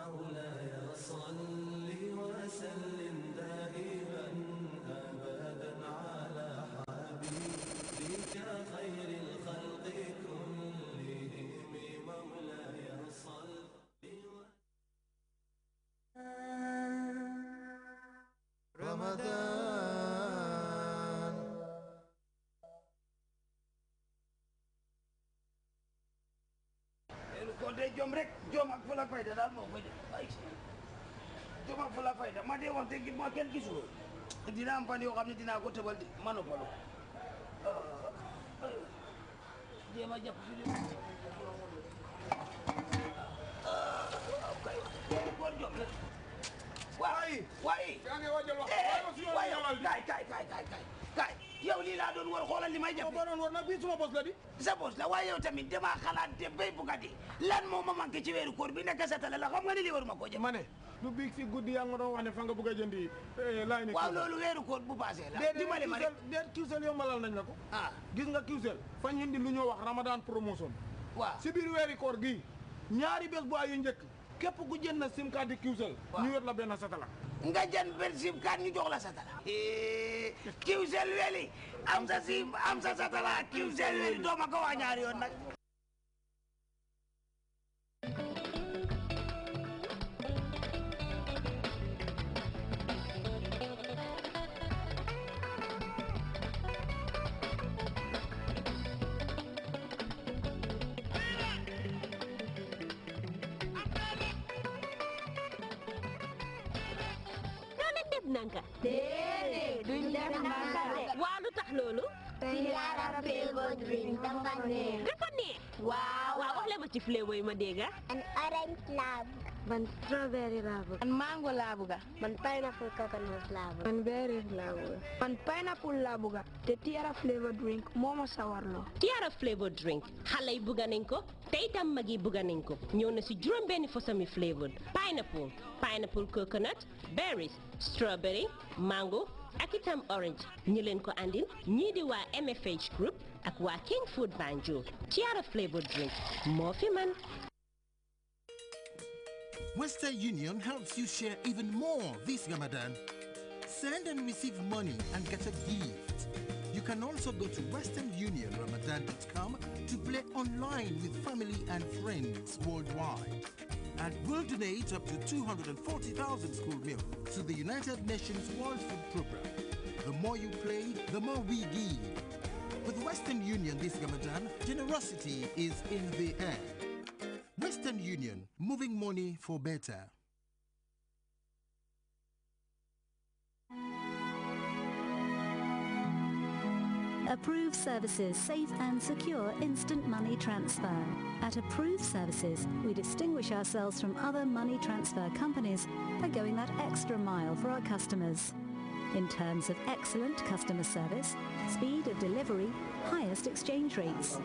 مولانا loolu day jom rek jom ak fula fayda daal moo koy def ay jom ak fula fayda ma dee wax te gi ma kenn gisuloo dina am fan yoo xam ne dina ko tëbal di ma noppalu jéem a jàpp fi li kon jom rek waay waay waay kaay kaay kaay kaay yow doon war xoolal li may jàpp bos la di sa boos la waaye yow tamit damaa xalaat te béy bu gadi lan moo ma manqué ci weeru koor bi nekk sa tala la xam nga ni li waruma koo ma ne lu biig si guddi yaa nga doon wax ne fa nga bëgg a jëndi eh, laay ni waaw loolu weeru koor bu passé la dimbali ma rek déet kiwsel yombalal nañ la ko ah gis nga kiwsel fañ indi lu ñoo wax ramadan promotion waaw si biir weeri koor gii ñaari bés bu ay yu njëkk képp ku jënd na sim card di kiwsal ñu yor la benn satala nga jënd benn sim card ñu jox la satala kiwsel weli am sa sim am sa satala kiwsel weli dooma ko wax ñaari yoon nag loolu. Banana flavored drink number name. waaw wax leen ma ci flavor yi ma dégg ah. an orange laa bëgg. man strawberry laa bëgg. man mango laa bëgg. man pineapple coconut laa drink moo ma sawarloo. tiara flavored drink xale yi nañ ko te itam mag yi bëgg nañ ko ñëw na si juróom-benni fosami flavored pineapple pineapple coconut berries strawberry mango. ak itam orange ñi leen ko andil ñii di waa MFH group ak waa King Food Banjo, Tiara flavored drink moo fi man Western Union helps you share even more this Ramadan. Send and receive money and get a gift. You can also go to westernunionramadan.com to play online with family and friends worldwide and will donate up to 240,000 school meals to the United Nations World Food Programme. The more you play, the more we give. With Western Union this Ramadan, generosity is in the air. Western Union, moving money for better. Approved Services Safe and Secure Instant Money Transfer. At Approved Services, we distinguish ourselves from other money transfer companies by going that extra mile for our customers in terms of excellent customer service, speed of delivery, highest exchange rates.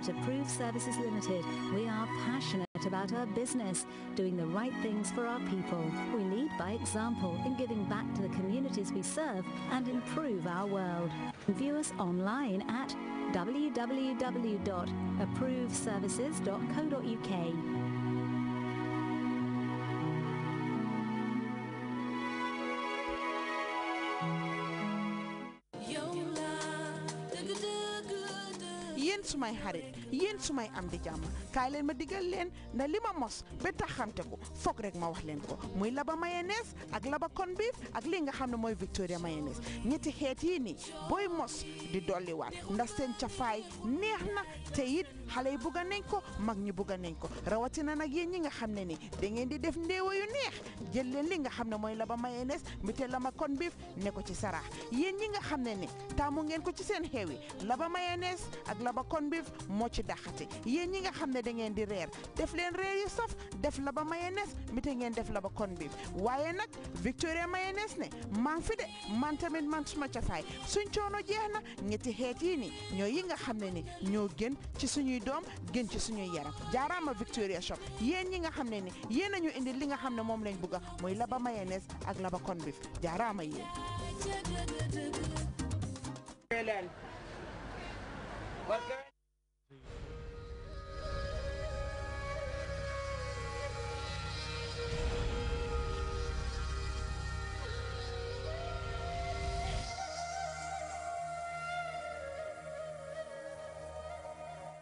at Approved Services Limited, we are passionate about our business, doing the right things for our people. We lead by example in giving back to the communities we serve and improve our world. View us online at www.approveservices.co.uk. into my heart yéen sumay am di jàmm kaay leen ma digal leen ndax li ma mos ba tax xamte ko foog rek ma wax leen ko muy laba mayonnaise ak laba kon beef ak li nga xam ne mooy Victoria mayonnaise ñetti xeet yi ni booy mos di dolliwaat ndax seen cafaay neex na te it xale yi bugg nañ ko mag ñi bugg nañ ko rawatina nag yéen ñi nga xam ne ni da ngeen di def ndéewa yu neex jël leen li nga xam ne mooy laba mayonnaise mi te laba kon beef ne ko ci saraax yéen ñi nga xam ne ni taamu ngeen ko ci seen xeew yi ci dàqati yéen ñi nga xam ne da ngeen di reer def leen reer yu saf def la ba mayonnaise mi te ngeen def la ba kon bi waaye nag Victoria mayonnaise ne man fi de man tamit man suma cafaay suñ coono jeex na ñetti xeet yi ni ñoo yi nga xam ne ni ñoo gën ci suñuy doom gën ci suñuy yaram jaaraama Victoria shop yéen ñi nga xam ne ni yéen nañu indi li nga xam ne moom lañ bëgg a mooy laba mayonnaise ak laba corn beef jaaraama yéen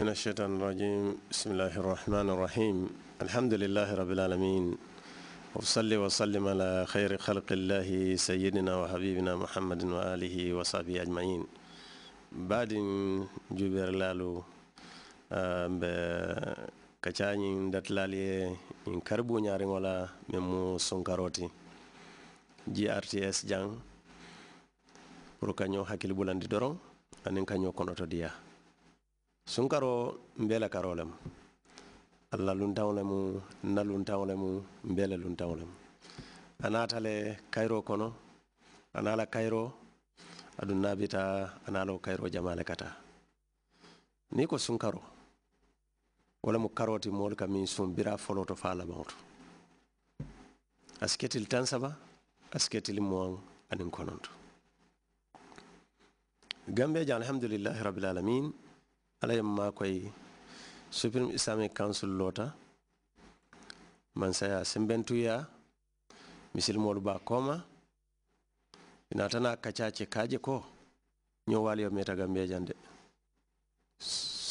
من الشيطان الرجيم بسم الله الرحمن الرحيم الحمد لله رب العالمين وصلي وسلم على خير خلق الله سيدنا وحبيبنا محمد وآله وصحبه أجمعين بعد جبر لالو kacañin datlalie إن كربو ñariŋola ولا ممو sunkaroti جي آر تي إس جان بروكانيو bulandi بولاندي aniŋ أنين كانيو konoto ديا sunkaro mbele karolem alla luntaŋo lemu nna luntaŋo lemu mbele luntaŋo lemu anata le kayiro kono ana la kayiro aduŋ na bita ana la wo kayiro jama le kata niŋ ko sunkaro wo lemu karo ti moolu ka miŋ suŋ bira folo to faa labaŋo to a si ketili taŋ saba a si ketili muwaŋ aniŋ kononto gambe je alhamdulillahi rabbil alamin ala ye ma koy supreme islamic council lota mansaya saya sembentuya misilmolu ba koma ina kacace kaje ko ño waliyo meta gambiya jande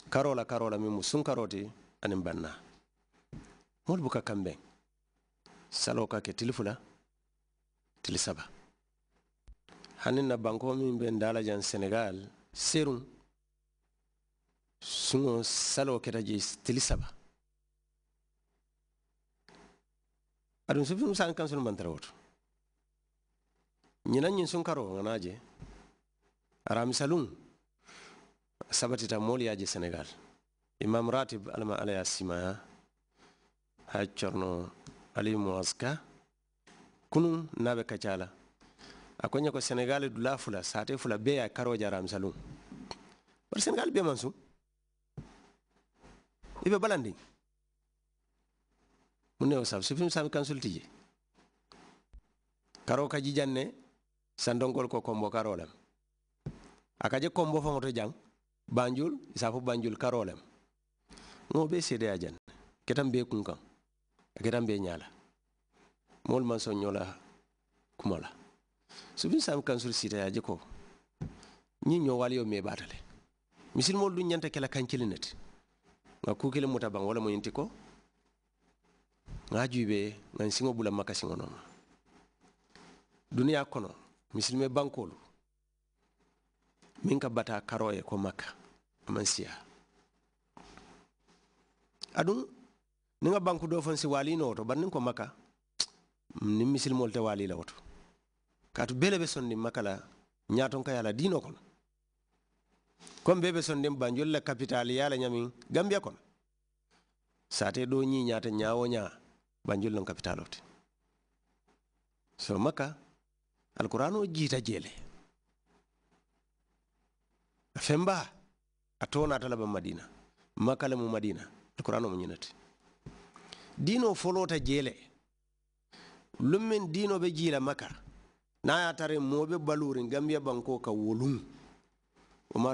karola karola min mu sun anin banna mol buka kamben salo ka ke tilfula tilisaba hanin na banko min ben dalajan senegal serun suŋo saloo keta je tili saba adun sufiŋ saayiŋ kaŋ sunu maŋ tara wo to ñinaŋ ñiŋ sunkaroo ŋa naa je aramisaluŋ sabatita moolu ye je senegal imam ratib alama ala ye a simaya a corno aliyu moaska kunuŋ naa be kaca la a ko senegal dulaa fula saate fula be ya karo karoo je aramisaluŋ bari senegal bee maŋ ibe balandi mun ne sab sabu sufim sami kansulti je karo ka jijan ne sandonkol ko kombo karolem lem je kombo faŋoto jaŋ banjul isaafo banjul karolem mo ŋo be seedeya jaŋ ketam be kunkaŋ a ketan be nyala mol moolu maŋ soŋ ñoo la kuma la sufim sami kansul sitaya je ko ñiŋ ñoo waliyo meebaata le misilimoolu duŋ ñanta ke la kaŋ nga kukile muta baŋ wo le mu nga ko ŋa juibe siŋo bula maka siŋo noŋ duniya kono misilime bankolu miŋ ka bata karo ye ko maka a maŋ siya aduŋ niŋ ŋa banku doo faŋ si waaliino woto bari niŋ ko maka niŋ misilimolu te waalii la woto kaatu bee le be sondi maka la ñaatonka ye la diinoo kono comme bébé son dem banjol la capitale yala ñami gambia kon saté do ñi ñaata ñaawo ñaa banjol non capitale ote so makka alquran o jita jeele afemba atona a tonata madina makka la mu madina alquran o mo ñinati diino folota jeele lum min diino be jila makka na ya tare mobe balurin gambia banko ka wolum o